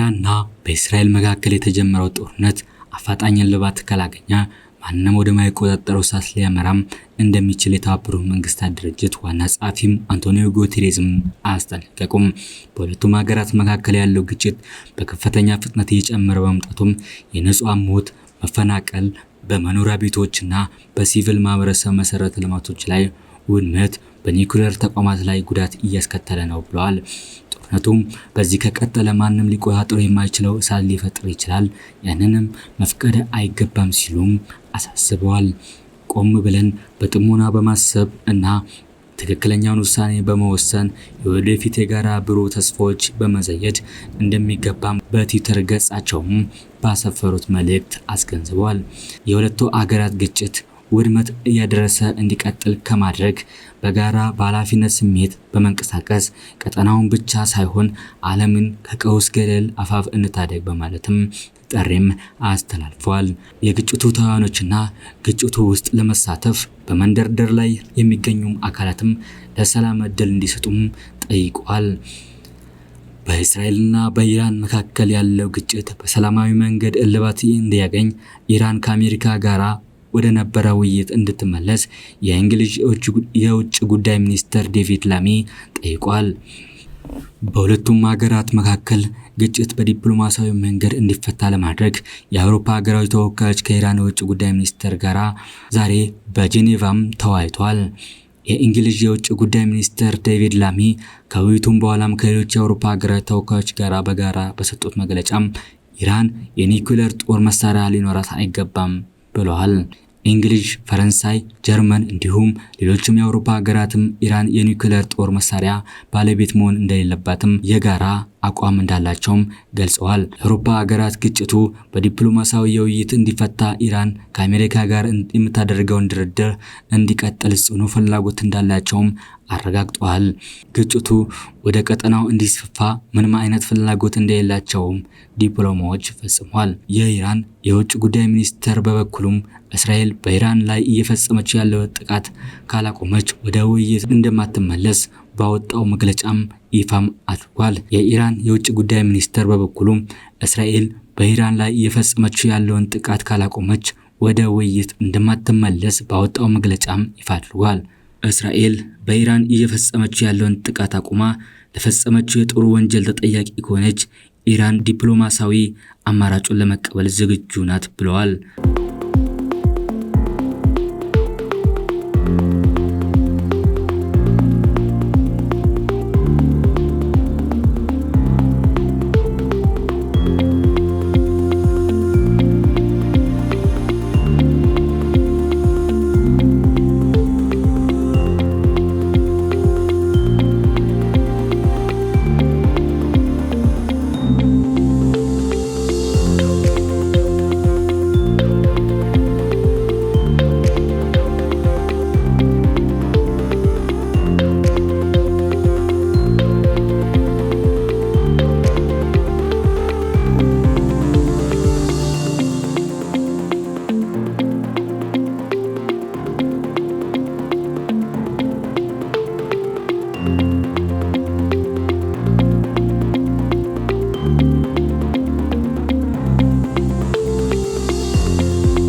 በኢራንና በእስራኤል መካከል የተጀመረው ጦርነት አፋጣኝ እልባት ካላገኘ ማንም ወደማይቆጣጠረው እሳት ሊያመራም እንደሚችል የተባበሩት መንግስታት ድርጅት ዋና ጸሐፊም አንቶኒዮ ጉቴሬዝም አስጠነቀቁም። በሁለቱም ሀገራት መካከል ያለው ግጭት በከፍተኛ ፍጥነት እየጨመረ በመምጣቱም የንጹሐን ሞት፣ መፈናቀል በመኖሪያ ቤቶችና በሲቪል ማህበረሰብ መሰረተ ልማቶች ላይ ውድመት በኒውክሌር ተቋማት ላይ ጉዳት እያስከተለ ነው ብለዋል። ምክንያቱም በዚህ ከቀጠለ ማንም ሊቆጣጠረው የማይችለው እሳት ሊፈጥር ይችላል፣ ያንንም መፍቀድ አይገባም ሲሉም አሳስበዋል። ቆም ብለን በጥሞና በማሰብ እና ትክክለኛውን ውሳኔ በመወሰን የወደፊት የጋራ ብሩህ ተስፋዎች በመዘየድ እንደሚገባም በትዊተር ገጻቸውም ባሰፈሩት መልእክት አስገንዝበዋል። የሁለቱ አገራት ግጭት ውድመት እያደረሰ እንዲቀጥል ከማድረግ በጋራ በኃላፊነት ስሜት በመንቀሳቀስ ቀጠናውን ብቻ ሳይሆን ዓለምን ከቀውስ ገደል አፋፍ እንታደግ በማለትም ጥሪም አስተላልፏል። የግጭቱ ተዋናዮችና ግጭቱ ውስጥ ለመሳተፍ በመንደርደር ላይ የሚገኙ አካላትም ለሰላም እድል እንዲሰጡም ጠይቋል። በእስራኤልና በኢራን መካከል ያለው ግጭት በሰላማዊ መንገድ እልባት እንዲያገኝ ኢራን ከአሜሪካ ጋራ ወደ ነበረ ውይይት እንድትመለስ የእንግሊዝ የውጭ ጉዳይ ሚኒስትር ዴቪድ ላሚ ጠይቋል። በሁለቱም ሀገራት መካከል ግጭት በዲፕሎማሲያዊ መንገድ እንዲፈታ ለማድረግ የአውሮፓ ሀገራዊ ተወካዮች ከኢራን የውጭ ጉዳይ ሚኒስትር ጋር ዛሬ በጄኔቫም ተወያይቷል። የእንግሊዝ የውጭ ጉዳይ ሚኒስትር ዴቪድ ላሚ ከውይይቱም በኋላም ከሌሎች የአውሮፓ ሀገራዊ ተወካዮች ጋር በጋራ በሰጡት መግለጫም ኢራን የኒኩሌር ጦር መሳሪያ ሊኖራት አይገባም ብለዋል። እንግሊዝ፣ ፈረንሳይ፣ ጀርመን እንዲሁም ሌሎችም የአውሮፓ ሀገራትም ኢራን የኒውክሌር ጦር መሳሪያ ባለቤት መሆን እንደሌለባትም የጋራ አቋም እንዳላቸውም ገልጸዋል። የአውሮፓ ሀገራት ግጭቱ በዲፕሎማሲያዊ ውይይት እንዲፈታ ኢራን ከአሜሪካ ጋር የምታደርገውን ድርድር እንዲቀጥል ጽኑ ፍላጎት እንዳላቸውም አረጋግጠዋል። ግጭቱ ወደ ቀጠናው እንዲስፋፋ ምንም አይነት ፍላጎት እንደሌላቸውም ዲፕሎማዎች ፈጽሟል። የኢራን የውጭ ጉዳይ ሚኒስትር በበኩሉም እስራኤል በኢራን ላይ እየፈጸመች ያለው ጥቃት ካላቆመች ወደ ውይይት እንደማትመለስ ባወጣው መግለጫም ይፋም አድርጓል። የኢራን የውጭ ጉዳይ ሚኒስተር በበኩሉም እስራኤል በኢራን ላይ እየፈጸመችው ያለውን ጥቃት ካላቆመች ወደ ውይይት እንደማትመለስ ባወጣው መግለጫም ይፋ አድርጓል። እስራኤል በኢራን እየፈጸመችው ያለውን ጥቃት አቁማ ለፈጸመችው የጦር ወንጀል ተጠያቂ ከሆነች ኢራን ዲፕሎማሲያዊ አማራጩን ለመቀበል ዝግጁ ናት ብለዋል።